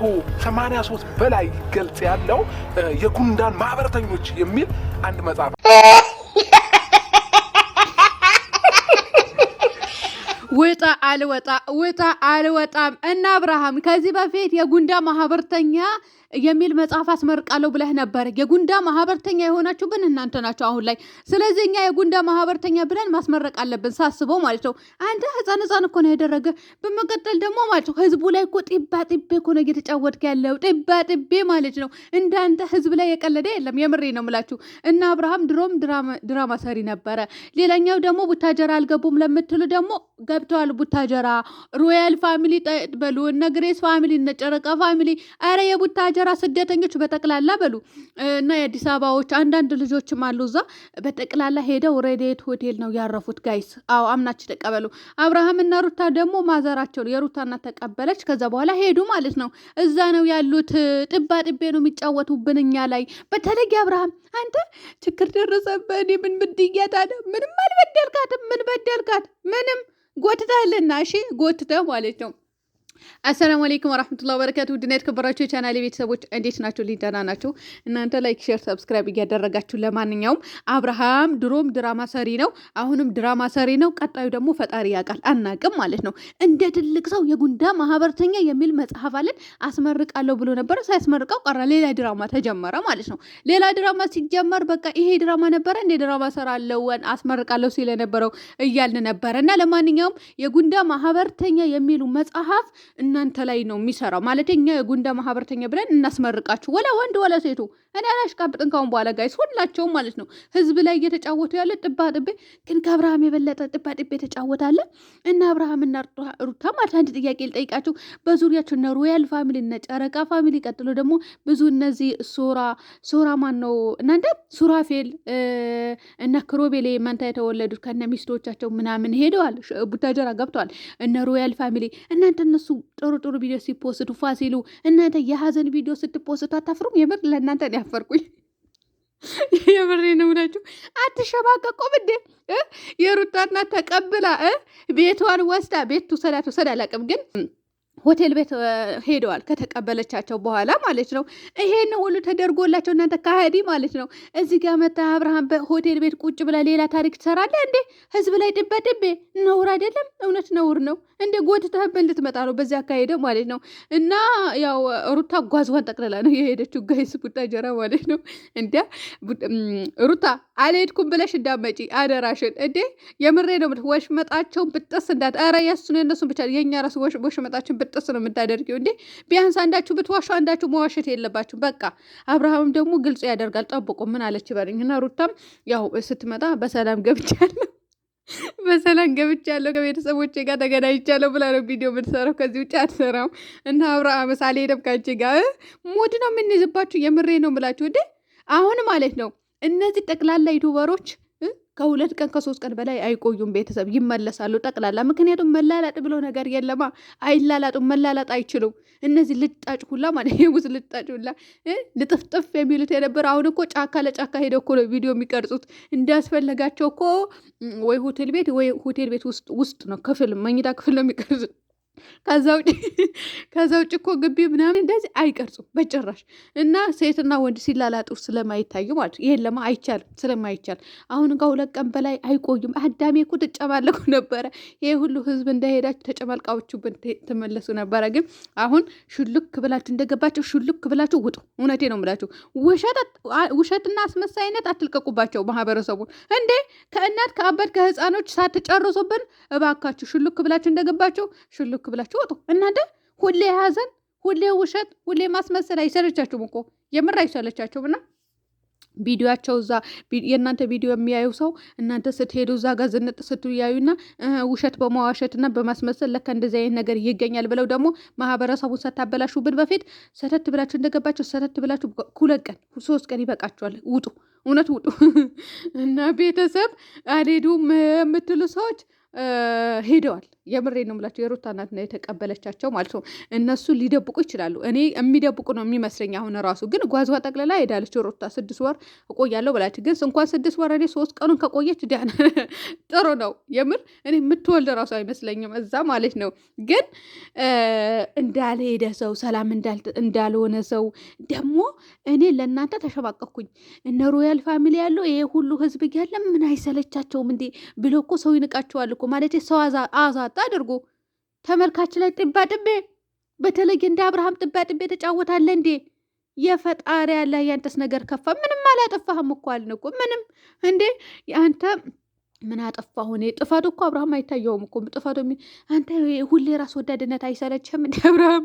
ከመቶ 83 በላይ ገልጽ ያለው የጉንዳን ማህበረተኞች የሚል አንድ መጽሐፍ ውጣ አልወጣ ውጣ አልወጣም። እና አብርሃም ከዚህ በፊት የጉንዳ ማህበርተኛ የሚል መጽሐፍ አስመርቃለሁ ብለህ ነበር። የጉንዳ ማህበርተኛ የሆናችሁ ግን እናንተ ናቸው አሁን ላይ። ስለዚህ እኛ የጉንዳ ማህበርተኛ ብለን ማስመረቅ አለብን፣ ሳስበው ማለት ነው። አንተ ህፃን ህፃን እኮ ነው ያደረገ። በመቀጠል ደግሞ ማለት ነው ህዝቡ ላይ እኮ ጢባ ጢቤ እኮ ነው እየተጫወትክ ያለው ጢባ ጢቤ ማለት ነው። እንዳንተ ህዝብ ላይ የቀለደ የለም፣ የምሬ ነው ምላችሁ። እና አብርሃም ድሮም ድራማ ሰሪ ነበረ። ሌላኛው ደግሞ ቡታጀራ አልገቡም ለምትሉ ደግሞ ገብ ገብተዋል። ቡታጀራ ሮያል ፋሚሊ በሉ እነ ግሬስ ፋሚሊ እነ ጨረቃ ፋሚሊ፣ ኧረ የቡታጀራ ስደተኞች በጠቅላላ በሉ እና የአዲስ አበባዎች አንዳንድ ልጆችም አሉ እዛ በጠቅላላ ሄደው ሬዴት ሆቴል ነው ያረፉት። ጋይስ አዎ አምናች ተቀበሉ። አብርሃም እና ሩታ ደግሞ ማዘራቸው የሩታ እናት ተቀበለች። ከዛ በኋላ ሄዱ ማለት ነው። እዛ ነው ያሉት። ጥባ ጥቤ ነው የሚጫወቱብን እኛ ላይ በተለይ አብርሃም አንተ ችግር ደረሰበት። ምን ብድያት ምንም አልበደልካትም። ምን በደልካት? ምንም ጎትተህልና እሺ፣ ጎትተህ ማለት ነው አሰላሙ አለይኩም ወራህመቱላሂ ወበረካቱ ድና የተከበራችሁ የቻናሌ ቤተሰቦች እንዴት ናቸው? ሊደና ናቸው እናንተ ላይክ፣ ሼር፣ ሰብስክራይብ እያደረጋችሁ ለማንኛውም አብርሃም ድሮም ድራማ ሰሪ ነው፣ አሁንም ድራማ ሰሪ ነው። ቀጣዩ ደግሞ ፈጣሪ ያውቃል አናቅም ማለት ነው። እንደ ትልቅ ሰው የጉንዳ ማህበርተኛ የሚል መጽሐፍ አለን አስመርቃለሁ ብሎ ነበረ። ሳያስመርቀው ቀረ፣ ሌላ ድራማ ተጀመረ ማለት ነው። ሌላ ድራማ ሲጀመር በቃ ይሄ ድራማ ነበረ እንደ ድራማ ሰራለሁ አስመርቃለሁ ሲል የነበረው እያልን ነበረ እና ለማንኛውም የጉንዳ ማህበርተኛ የሚሉ መጽሐፍ እናንተ ላይ ነው የሚሰራው። ማለት እኛ የጉንዳ ማህበርተኛ ብለን እናስመርቃችሁ፣ ወላ ወንድ ወላ ሴቱ። እኔ አላሽቃብጥን ካሁን በኋላ ጋይስ፣ ሁላቸውም ማለት ነው ህዝብ ላይ እየተጫወቱ ያለ ጥባ ጥቤ። ግን ከአብርሃም የበለጠ ጥባ ጥቤ ተጫወታለ እና አብርሃም እና ሩታ ማለት አንድ ጥያቄ ልጠይቃችሁ። በዙሪያቸው እነ ሮያል ፋሚሊ እነ ጨረቃ ፋሚሊ፣ ቀጥሎ ደግሞ ብዙ እነዚህ ሶራ ሶራ ማን ነው እናንተ ሱራፌል እነ ክሮቤሌ መንታ የተወለዱት ከነ ሚስቶቻቸው ምናምን ሄደዋል፣ ቡታጀራ ገብተዋል። እነ ሮያል ፋሚሊ እናንተ እነሱ ጥሩ ጥሩ ቪዲዮ ሲፖስቱ ፋሲሉ፣ እናንተ የሀዘን ቪዲዮ ስትፖስቱ አታፍሩም? የምር ለእናንተ ነው ያፈርኩኝ። የምሬ ነው ብላችሁ አትሸባቀቁም እንዴ? የሩታ እናት ተቀብላ ቤቷን ወስዳ ቤት ትውሰዳ ትውሰድ አላውቅም ግን ሆቴል ቤት ሄደዋል። ከተቀበለቻቸው በኋላ ማለት ነው። ይሄን ሁሉ ተደርጎላቸው እናንተ ካህዲ ማለት ነው። እዚህ ጋር መታ አብርሃም በሆቴል ቤት ቁጭ ብላ ሌላ ታሪክ ትሰራለ እንዴ? ህዝብ ላይ ድበ ድቤ ነውር አይደለም? እውነት ነውር ነው እንዴ? ጎትተህብን ልትመጣ ነው በዚህ አካሄደ ማለት ነው። እና ያው ሩታ ጓዝዋን ጠቅልላ ነው የሄደችው። ጋይስ ቡታጀራ ማለት ነው እንዲያ ሩታ አልሄድኩም ብለሽ እንዳመጪ አደራሽን። እንዴ የምሬ ነው። ወሽመጣቸውን ብጥስ እንዳ ረ የሱን የነሱን ብቻ የእኛ ራሱ ወሽመጣችን ብጥስ ነው የምታደርጊው። እንዴ ቢያንስ አንዳችሁ ብትዋሹ አንዳችሁ መዋሸት የለባችሁ። በቃ አብርሃምም ደግሞ ግልጹ ያደርጋል። ጠብቁ ምን አለች በርኝ እና ሩታም ያው ስትመጣ በሰላም ገብቻለሁ በሰላም ገብቻለሁ ከቤተሰቦቼ ጋር ተገናኝቻለሁ ብላ ነው ቪዲዮ የምትሰራው። ከዚህ ውጭ አትሰራም። እና አብርሃም ሳሌ ደብቃቼ ጋር ሙድ ነው የምንይዝባችሁ። የምሬ ነው የምላችሁ እንዴ አሁን ማለት ነው እነዚህ ጠቅላላ ዩቱበሮች ከሁለት ቀን ከሶስት ቀን በላይ አይቆዩም። ቤተሰብ ይመለሳሉ ጠቅላላ። ምክንያቱም መላላጥ ብሎ ነገር የለማ። አይላላጡም፣ መላላጥ አይችሉም። እነዚህ ልጣጭ ሁላ ማለት የሙስ ልጣጭ ሁላ ልጥፍጥፍ የሚሉት የነበረ አሁን እኮ ጫካ ለጫካ ሄደው እኮ ነው ቪዲዮ የሚቀርጹት። እንዳስፈለጋቸው እኮ ወይ ሆቴል ቤት ወይ ሆቴል ቤት ውስጥ ውስጥ ነው ክፍል መኝታ ክፍል ነው የሚቀርጹት። ከዛ ውጭ ከዛ ውጭ እኮ ግቢ ምናምን እንደዚህ አይቀርጹም በጭራሽ። እና ሴትና ወንድ ሲላላጡ ስለማይታዩ ማለት ይሄን ለማ አይቻልም፣ ስለማይቻል አሁን ጋር ሁለት ቀን በላይ አይቆዩም። አዳሜ እኮ ትጨማለቁ ነበረ። ይሄ ሁሉ ህዝብ እንደሄዳችሁ ተጨማልቃዎቹብን ትመለሱ ነበረ። ግን አሁን ሹልክ ብላችሁ እንደገባቸው ሹልክ ብላችሁ ውጡ። እውነቴ ነው ምላችሁ። ውሸትና አስመሳይነት አትልቀቁባቸው ማህበረሰቡ። እንዴ ከእናት ከአባት ከህፃኖች ሳትጨርሱብን እባካችሁ ሹልክ ብላችሁ እንደገባችሁ ሹልክ ሹክ ብላችሁ ወጡ። እናንተ ሁሌ ሀዘን፣ ሁሌ ውሸት፣ ሁሌ ማስመሰል አይሰለቻችሁም እኮ የምር አይሰለቻችሁም እና ቪዲዮቸው እዛ የእናንተ ቪዲዮ የሚያዩ ሰው እናንተ ስትሄዱ እዛ ጋር ዝንጥ ስትያዩና ውሸት እና በማስመሰል ለካ እንደዚህ አይነት ነገር ይገኛል ብለው ደግሞ ማህበረሰቡን ሳታበላሹብን በፊት ሰተት ብላችሁ እንደገባችሁ ሰተት ብላችሁ ሁለት ቀን ሶስት ቀን ይበቃችኋል። ውጡ፣ እውነት ውጡ። እና ቤተሰብ አልሄዱም የምትሉ ሰዎች ሄደዋል የምሬ ነው የምላቸው የሩታ እናት ነው የተቀበለቻቸው ማለት ነው። እነሱ ሊደብቁ ይችላሉ። እኔ የሚደብቁ ነው የሚመስለኝ። አሁን ራሱ ግን ጓዝዋ ጠቅልላ ሄዳለች ሩታ። ስድስት ወር እቆያለሁ ብላለች። ግን እንኳን ስድስት ወር እኔ ሶስት ቀኑን ከቆየች ደህና ጥሩ ነው። የምር እኔ የምትወልድ ራሱ አይመስለኝም እዛ ማለት ነው። ግን እንዳልሄደ ሰው ሰላም እንዳልሆነ ሰው ደግሞ እኔ ለእናንተ ተሸባቀኩኝ። እነ ሮያል ፋሚሊ ያለው ይሄ ሁሉ ህዝብ ያለ ምን አይሰለቻቸውም እንዴ ብሎ እኮ ሰው ይንቃቸዋል እኮ ማለት ሰው አዛ አድርጉ። ተመልካች ላይ ጥባጥቤ በተለይ እንደ አብርሃም ጥባጥቤ ተጫወታለ እንዴ? የፈጣሪ ያለ ያንተስ ነገር ከፋ። ምንም አላጠፋህም እኮ አልን እኮ ምንም እንዴ አንተ ምን አጠፋሁ እኔ? ጥፋቱ እኮ አብርሃም አይታየውም እኮ ጥፋቱ። አንተ ሁሌ ራስ ወዳድነት አይሰለችም እንደ አብርሃም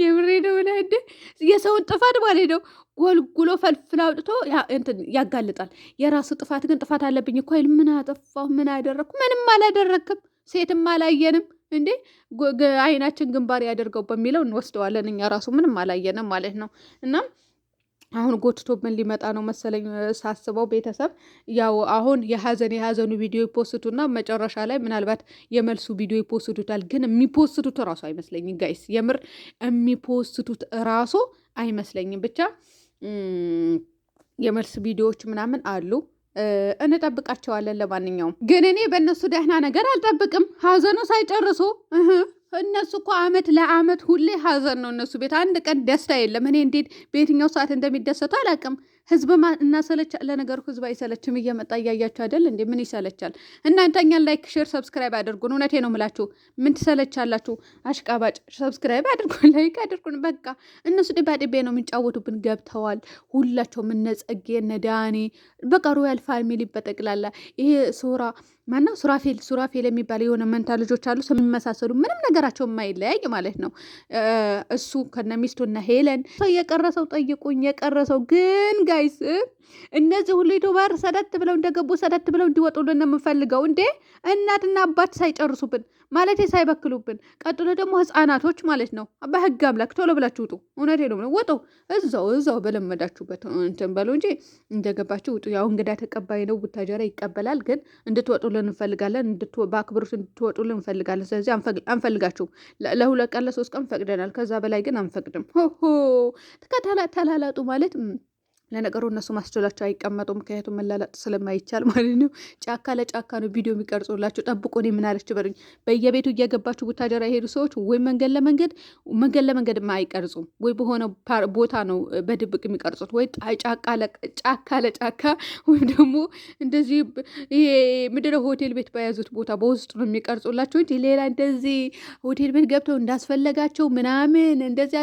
የብሬ ነው ብለህ እንደ የሰውን ጥፋት ማለት ነው ጎልጉሎ ፈልፍል አውጥቶ ያጋልጣል። የራሱ ጥፋት ግን ጥፋት አለብኝ እኮ ምን አጠፋሁ? ምን አደረግኩ? ምንም አላደረግክም። ሴትም አላየንም እንዴ አይናችን ግንባር ያደርገው በሚለው እንወስደዋለን። እኛ ራሱ ምንም አላየንም ማለት ነው እና አሁን ምን ሊመጣ ነው መሰለኝ ሳስበው። ቤተሰብ ያው አሁን የሀዘን የሀዘኑ ቪዲዮ ይፖስቱና መጨረሻ ላይ ምናልባት የመልሱ ቪዲዮ ይፖስቱታል። ግን የሚፖስቱት እራሱ አይመስለኝም ጋይስ፣ የምር የሚፖስቱት እራሱ አይመስለኝም። ብቻ የመልስ ቪዲዮዎች ምናምን አሉ እንጠብቃቸዋለን። ለማንኛውም ግን እኔ በእነሱ ደህና ነገር አልጠብቅም። ሀዘኑ ሳይጨርሱ እነሱ እኮ አመት ለአመት ሁሌ ሀዘን ነው እነሱ ቤት፣ አንድ ቀን ደስታ የለም። እኔ እንዴት በየትኛው ሰዓት እንደሚደሰቱ አላውቅም። ህዝብ እናሰለች። ለነገሩ ህዝብ አይሰለችም፣ እየመጣ እያያችሁ አይደል እንዴ? ምን ይሰለቻል? እናንተ እኛን ላይክ፣ ሼር፣ ሰብስክራይብ አድርጉን። እውነቴ ነው ምላችሁ። ምን ትሰለቻላችሁ? አሽቃባጭ ሰብስክራይብ አድርጉን፣ ላይክ አድርጉን። በቃ እነሱ ዲባዲቤ ነው የሚጫወቱብን። ገብተዋል ሁላቸውም፣ እነ ጸጌ እነ ዳኒ፣ በቃ ሮያል ፋሚሊ በጠቅላላ ይሄ ሶራ ማነው ሱራፌል ሱራፌል የሚባለው የሆነ መንታ ልጆች አሉ የሚመሳሰሉ ምንም ነገራቸው የማይለያይ ማለት ነው። እሱ ከነ ሚስቱ ከነሚስቱና ሄለን ሰው የቀረሰው ጠይቁኝ የቀረሰው ግን ጋይስ እነዚህ ሁሉ ዩቱበር ሰደት ብለው እንደገቡ ሰደት ብለው እንዲወጡልን የምንፈልገው እንዴ እናትና አባት ሳይጨርሱብን ማለት ሳይበክሉብን። ቀጥሎ ደግሞ ህፃናቶች ማለት ነው። በህግ አምላክ ቶሎ ብላችሁ ውጡ። እውነት ነው ውጡ። እዛው እዛው በለመዳችሁበት እንትን በሉ እንጂ እንደገባችሁ ውጡ። ያው እንግዳ ተቀባይ ነው፣ ቡታጀራ ይቀበላል። ግን እንድትወጡልን እንፈልጋለን፣ በአክብሮት እንድትወጡልን እንፈልጋለን። ስለዚህ አንፈልጋችሁ። ለሁለት ቀን ለሶስት ቀን ፈቅደናል። ከዛ በላይ ግን አንፈቅድም። ሆሆ ተላላጡ ማለት ለነገሩ እነሱ ማስችላቸው አይቀመጡም፣ ምክንያቱም መላላጥ ስለማይቻል ማለት ነው። ጫካ ለጫካ ነው ቪዲዮ የሚቀርጹላቸው። ጠብቆ እኔ ምን አለች በሉኝ። በየቤቱ እየገባችሁ ቡታጀራ የሄዱ ሰዎች ወይ መንገድ ለመንገድ መንገድ ለመንገድ አይቀርጹም፣ ወይ በሆነ ቦታ ነው በድብቅ የሚቀርጹት፣ ወይ ጫካ ለጫካ ወይም ደግሞ እንደዚህ ይሄ ምድረ ሆቴል ቤት በያዙት ቦታ በውስጡ ነው የሚቀርጹላቸው እንጂ ሌላ እንደዚህ ሆቴል ቤት ገብተው እንዳስፈለጋቸው ምናምን እንደዚያ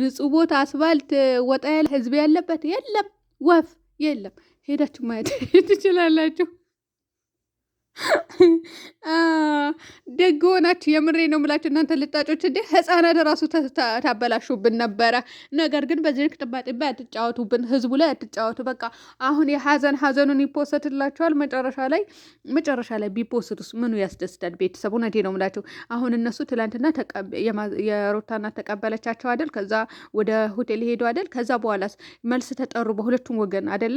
ንጹህ ቦታ አስፋልት ወጣ ያለ ህዝብ ያለበት የለም። ወፍ የለም። ሄዳችሁ ማየት ትችላላችሁ። ደግ ሆናችሁ የምሬ ነው የምላችሁ እናንተ ልጣጮች እንዴ ህፃናት ራሱ ታበላሹብን ነበረ። ነገር ግን በዚህ ልክ አትጫወቱብን፣ ህዝቡ ላይ አትጫወቱ። በቃ አሁን የሀዘን ሀዘኑን ይፖሰትላቸዋል። መጨረሻ ላይ መጨረሻ ላይ ቢፖስቱስ ምኑ ያስደስታል? ቤተሰብ እውነቴ ነው የምላችሁ። አሁን እነሱ ትላንትና የሮታና ተቀበለቻቸው አደል? ከዛ ወደ ሆቴል ሄዱ አደል? ከዛ በኋላስ መልስ ተጠሩ በሁለቱም ወገን አደለ?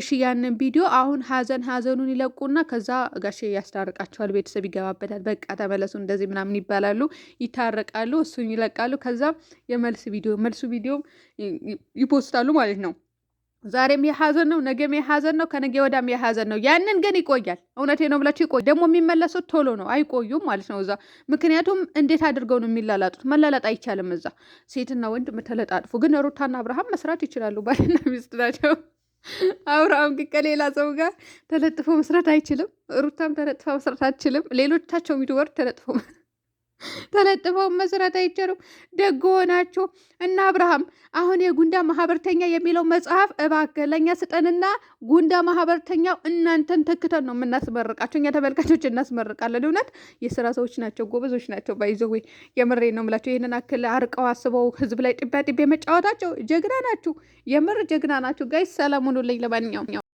እሺ ያንን ቪዲዮ አሁን ሀዘን ሀዘኑን ይለቁና ከዛ ጋሼ ያስታርቃቸዋል። ቤተሰብ ይገባበታል። በቃ ተመለሱ እንደዚህ ምናምን ይባላሉ፣ ይታረቃሉ፣ እሱን ይለቃሉ። ከዛ የመልስ ቪዲዮ መልሱ ቪዲዮ ይፖስታሉ ማለት ነው። ዛሬም የሀዘን ነው፣ ነገም የሀዘን ነው፣ ከነገ ወዳም የሀዘን ነው። ያንን ግን ይቆያል። እውነቴ ነው ብላችሁ ይቆይ። ደግሞ የሚመለሱት ቶሎ ነው፣ አይቆዩም ማለት ነው እዛ። ምክንያቱም እንዴት አድርገው ነው የሚላላጡት? መላላጥ አይቻልም እዛ። ሴትና ወንድ ተለጣጥፎ ግን ሩታና አብርሃም መስራት ይችላሉ። ባልና ሚስት ናቸው። አብርሃም ግን ከሌላ ሰው ጋር ተለጥፎ መስራት አይችልም። ሩታም ተለጥፋ መስራት አትችልም። ሌሎቻቸው ሚድወርድ ተለጥፎ ተለጥፈው መስራት አይቻልም። ደግ ሆናችሁ እና አብርሃም አሁን የጉንዳ ማህበርተኛ የሚለው መጽሐፍ እባክህ ለእኛ ስጠንና ጉንዳ ማህበርተኛው እናንተን ተክተን ነው የምናስመርቃቸው። እኛ ተመልካቾች እናስመርቃለን። እውነት የስራ ሰዎች ናቸው፣ ጎበዞች ናቸው። ወይ የምሬ ነው የምላቸው። ይህንን አክል አርቀው አስበው ህዝብ ላይ ጥቢያ ጥቤ መጫወታቸው ጀግና ናችሁ፣ የምር ጀግና ናችሁ። ጋይ ሰላም ሁኑልኝ። ለማንኛውም